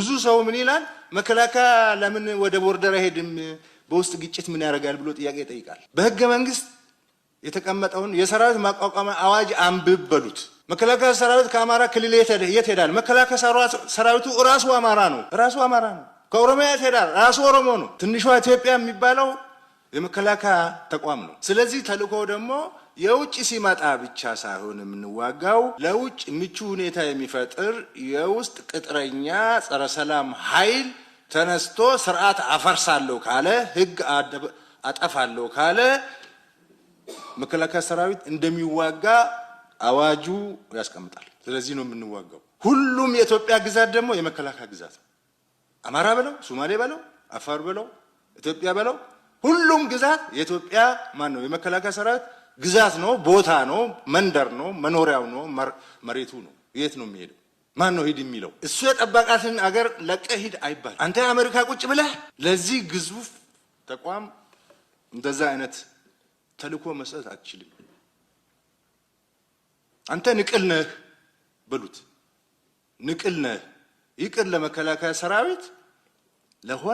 ብዙ ሰው ምን ይላል? መከላከያ ለምን ወደ ቦርደር አይሄድም? በውስጥ ግጭት ምን ያደርጋል ብሎ ጥያቄ ይጠይቃል። በህገ መንግስት የተቀመጠውን የሰራዊት ማቋቋሚያ አዋጅ አንብብ በሉት። መከላከያ ሰራዊት ከአማራ ክልል የት ሄዳል? መከላከያ ሰራዊቱ ራሱ አማራ ነው፣ ራሱ አማራ ነው። ከኦሮሚያ የት ሄዳል? ራሱ ኦሮሞ ነው። ትንሿ ኢትዮጵያ የሚባለው የመከላከያ ተቋም ነው። ስለዚህ ተልእኮ ደግሞ የውጭ ሲመጣ ብቻ ሳይሆን የምንዋጋው ለውጭ ምቹ ሁኔታ የሚፈጥር የውስጥ ቅጥረኛ ጸረ ሰላም ኃይል ተነስቶ ስርዓት አፈርሳለሁ ካለ፣ ህግ አጠፋለሁ ካለ መከላከያ ሰራዊት እንደሚዋጋ አዋጁ ያስቀምጣል። ስለዚህ ነው የምንዋጋው። ሁሉም የኢትዮጵያ ግዛት ደግሞ የመከላከያ ግዛት ነው። አማራ በለው፣ ሶማሌ በለው፣ አፋር በለው፣ ኢትዮጵያ በለው ሁሉም ግዛት የኢትዮጵያ ማን ነው የመከላከያ ሰራዊት ግዛት ነው፣ ቦታ ነው፣ መንደር ነው፣ መኖሪያው ነው፣ መሬቱ ነው። የት ነው የሚሄደው? ማን ነው ሂድ የሚለው? እሱ የጠበቃትን አገር ለቀ ሂድ አይባል። አንተ አሜሪካ ቁጭ ብለህ ለዚህ ግዙፍ ተቋም እንደዛ አይነት ተልእኮ መስጠት አትችልም። አንተ ንቅል ነህ በሉት፣ ንቅል ነህ ይቅር ለመከላከያ ሰራዊት ለሆነ